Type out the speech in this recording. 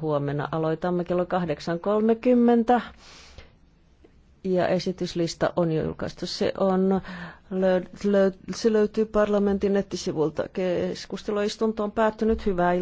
huomenna aloitamme kello 8.30 ja esityslista on julkaistu. Se, on, löy, löy, se löytyy parlamentin nettisivulta. Keskusteluistunto on päättynyt. Hyvää